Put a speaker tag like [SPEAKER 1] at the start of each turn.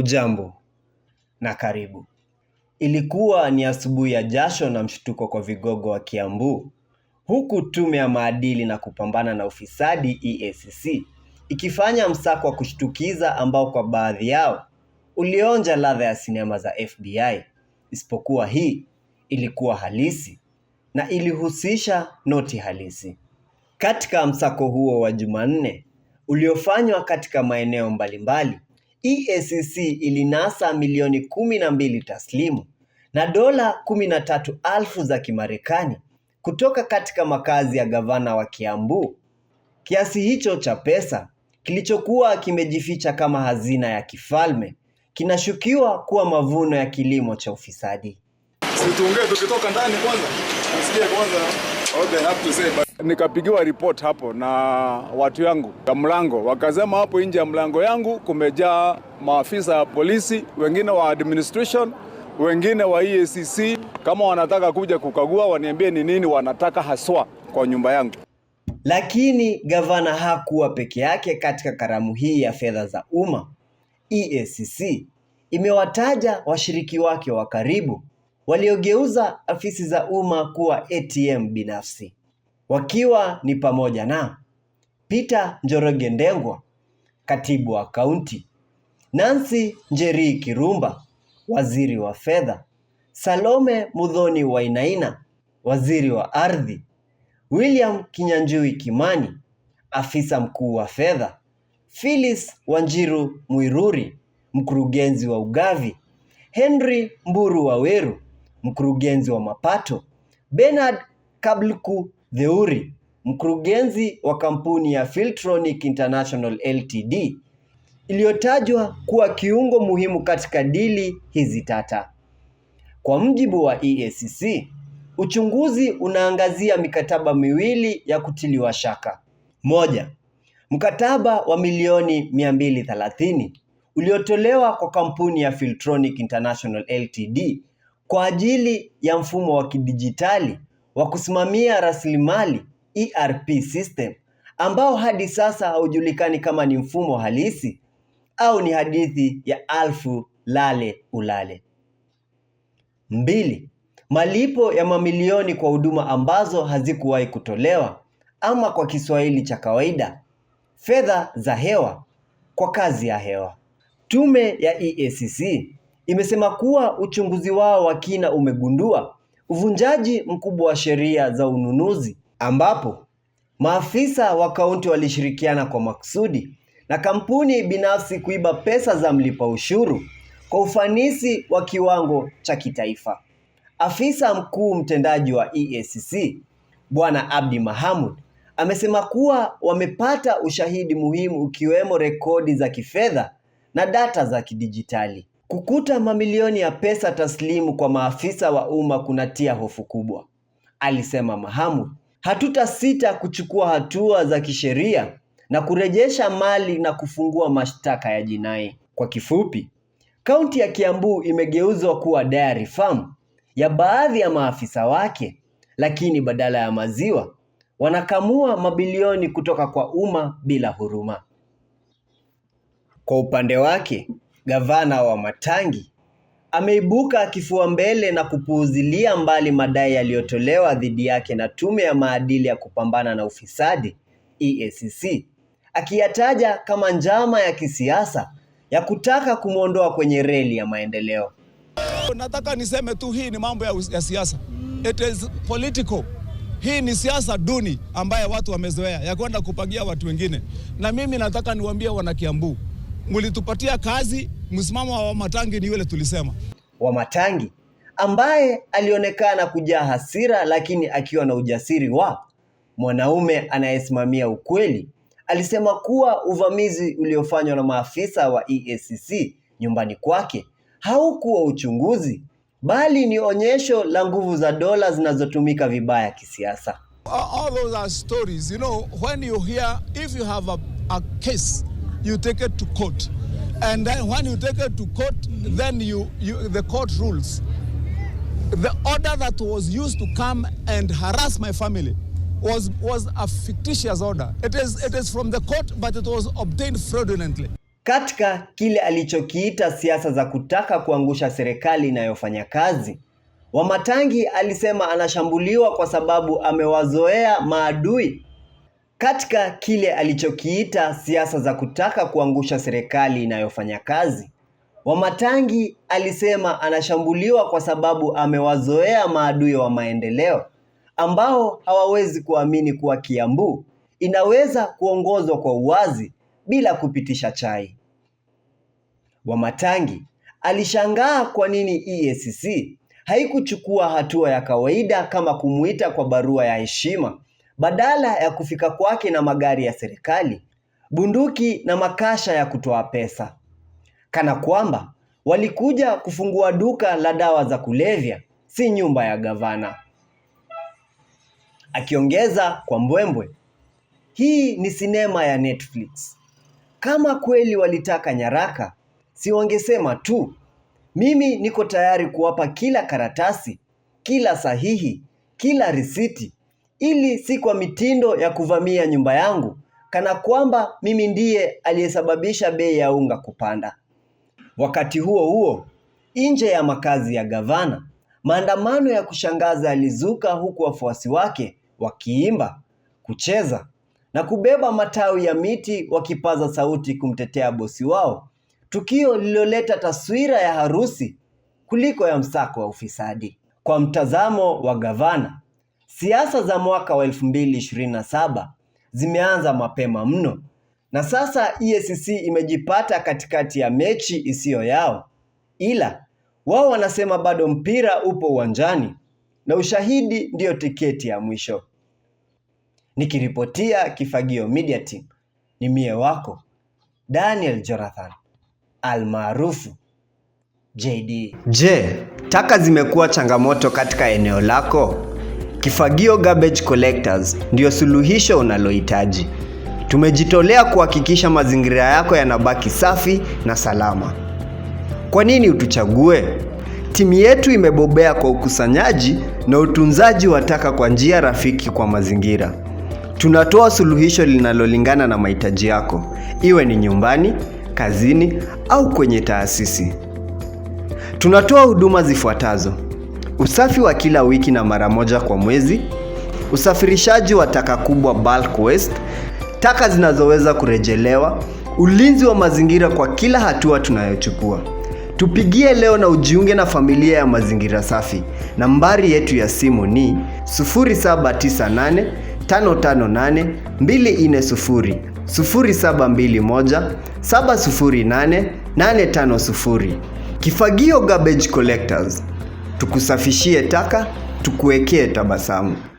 [SPEAKER 1] Hujambo na karibu. Ilikuwa ni asubuhi ya jasho na mshtuko kwa vigogo wa Kiambu, huku tume ya maadili na kupambana na ufisadi EACC ikifanya msako wa kushtukiza ambao kwa baadhi yao ulionja ladha ya sinema za FBI, isipokuwa hii ilikuwa halisi na ilihusisha noti halisi. Katika msako huo wa Jumanne uliofanywa katika maeneo mbalimbali, EACC ilinasa milioni kumi na mbili taslimu na dola kumi na tatu elfu za Kimarekani kutoka katika makazi ya gavana wa Kiambu. Kiasi hicho cha pesa kilichokuwa kimejificha kama hazina ya kifalme kinashukiwa kuwa mavuno ya kilimo cha ufisadi.
[SPEAKER 2] Situongee tukitoka ndani kwanza. Tusikie kwanza. Nikapigiwa ripot hapo na watu yangu ya mlango, wakasema hapo nje ya mlango yangu kumejaa maafisa ya polisi, wengine wa administration, wengine wa EACC. Kama wanataka kuja kukagua, waniambie ni nini wanataka haswa kwa nyumba yangu.
[SPEAKER 1] Lakini gavana hakuwa peke yake katika karamu hii ya fedha za umma. EACC imewataja washiriki wake wa karibu waliogeuza afisi za umma kuwa ATM binafsi wakiwa ni pamoja na Peter Njoroge Ndengwa, katibu wa kaunti, Nancy Njeri Kirumba, waziri wa fedha, Salome Mudhoni Wainaina, waziri wa ardhi, William Kinyanjui Kimani, afisa mkuu wa fedha, Phyllis Wanjiru Mwiruri, mkurugenzi wa ugavi, Henry Mburu Waweru, mkurugenzi wa mapato, Bernard Kabluku Theuri, mkurugenzi wa kampuni ya Filtronic International Ltd iliyotajwa kuwa kiungo muhimu katika dili hizi tata. Kwa mjibu wa EACC, uchunguzi unaangazia mikataba miwili ya kutiliwa shaka. Moja, mkataba wa milioni 230 uliotolewa kwa kampuni ya Filtronic International Ltd kwa ajili ya mfumo wa kidijitali wa kusimamia rasilimali ERP system ambao hadi sasa haujulikani kama ni mfumo halisi au ni hadithi ya alfu lale ulale. Mbili, malipo ya mamilioni kwa huduma ambazo hazikuwahi kutolewa ama kwa Kiswahili cha kawaida, fedha za hewa kwa kazi ya hewa. Tume ya EACC imesema kuwa uchunguzi wao wa kina umegundua uvunjaji mkubwa wa sheria za ununuzi ambapo maafisa wa kaunti walishirikiana kwa makusudi na kampuni binafsi kuiba pesa za mlipa ushuru kwa ufanisi wa kiwango cha kitaifa. Afisa mkuu mtendaji wa EACC Bwana Abdi Mahamud amesema kuwa wamepata ushahidi muhimu ukiwemo rekodi za kifedha na data za kidijitali. Kukuta mamilioni ya pesa taslimu kwa maafisa wa umma kunatia hofu kubwa, alisema hatuta Hatutasita kuchukua hatua za kisheria na kurejesha mali na kufungua mashtaka ya jinai. Kwa kifupi, kaunti ya Kiambu imegeuzwa kuwa dairy farm ya baadhi ya maafisa wake, lakini badala ya maziwa wanakamua mabilioni kutoka kwa umma bila huruma. Kwa upande wake, Gavana wa Matangi ameibuka kifua mbele na kupuuzilia mbali madai yaliyotolewa dhidi yake na Tume ya Maadili ya Kupambana na Ufisadi EACC, akiyataja kama njama ya kisiasa ya kutaka kumwondoa kwenye reli ya maendeleo.
[SPEAKER 2] Nataka niseme tu hii ni mambo ya, ya siasa. It is political. Hii ni siasa duni ambaye watu wamezoea ya kwenda kupangia watu wengine, na mimi nataka niwaambie wanakiambu mlitupatia kazi. Msimamo wa Wamatangi ni ule tulisema.
[SPEAKER 1] Wamatangi ambaye alionekana kujaa hasira, lakini akiwa na ujasiri wa mwanaume anayesimamia ukweli, alisema kuwa uvamizi uliofanywa na maafisa wa EACC nyumbani kwake haukuwa uchunguzi, bali ni onyesho la nguvu za dola zinazotumika vibaya kisiasa.
[SPEAKER 2] All those are stories, you know, when you hear if you have a, a case you take it to court. And then when you take it to court, then you, you, the court rules. The order that was used to come and harass my family was, was a fictitious order. It is, it is from the court, but it was obtained fraudulently.
[SPEAKER 1] Katika kile alichokiita siasa za kutaka kuangusha serikali inayofanya kazi, Wamatangi alisema anashambuliwa kwa sababu amewazoea maadui katika kile alichokiita siasa za kutaka kuangusha serikali inayofanya kazi. Wamatangi alisema anashambuliwa kwa sababu amewazoea maadui wa maendeleo ambao hawawezi kuamini kuwa Kiambu inaweza kuongozwa kwa uwazi bila kupitisha chai. Wamatangi alishangaa kwa nini EACC haikuchukua hatua ya kawaida kama kumuita kwa barua ya heshima badala ya kufika kwake na magari ya serikali, bunduki na makasha ya kutoa pesa. Kana kwamba walikuja kufungua duka la dawa za kulevya, si nyumba ya gavana. Akiongeza kwa mbwembwe, hii ni sinema ya Netflix. Kama kweli walitaka nyaraka, si wangesema tu, mimi niko tayari kuwapa kila karatasi, kila sahihi, kila risiti, ili si kwa mitindo ya kuvamia nyumba yangu, kana kwamba mimi ndiye aliyesababisha bei ya unga kupanda. Wakati huo huo, nje ya makazi ya gavana, maandamano ya kushangaza yalizuka huku wafuasi wake wakiimba, kucheza na kubeba matawi ya miti wakipaza sauti kumtetea bosi wao, tukio lililoleta taswira ya harusi kuliko ya msako wa ufisadi. Kwa mtazamo wa gavana, Siasa za mwaka wa 2027 zimeanza mapema mno na sasa EACC imejipata katikati ya mechi isiyo yao, ila wao wanasema bado mpira upo uwanjani na ushahidi ndiyo tiketi ya mwisho. Nikiripotia Kifagio Media Team, ni mie wako Daniel Jonathan almaarufu JD.
[SPEAKER 3] Je, taka zimekuwa changamoto katika eneo lako? Kifagio Garbage Collectors ndio suluhisho unalohitaji. Tumejitolea kuhakikisha mazingira yako yanabaki safi na salama. Kwa nini utuchague? Timu yetu imebobea kwa ukusanyaji na utunzaji wa taka kwa njia rafiki kwa mazingira. Tunatoa suluhisho linalolingana na mahitaji yako, iwe ni nyumbani, kazini au kwenye taasisi. Tunatoa huduma zifuatazo: usafi wa kila wiki na mara moja kwa mwezi, usafirishaji wa taka kubwa bulk waste, taka zinazoweza kurejelewa, ulinzi wa mazingira kwa kila hatua tunayochukua. Tupigie leo na ujiunge na familia ya mazingira safi. Nambari yetu ya simu ni 0798 558 Kifagio Garbage Collectors tukusafishie taka, tukuwekee tabasamu.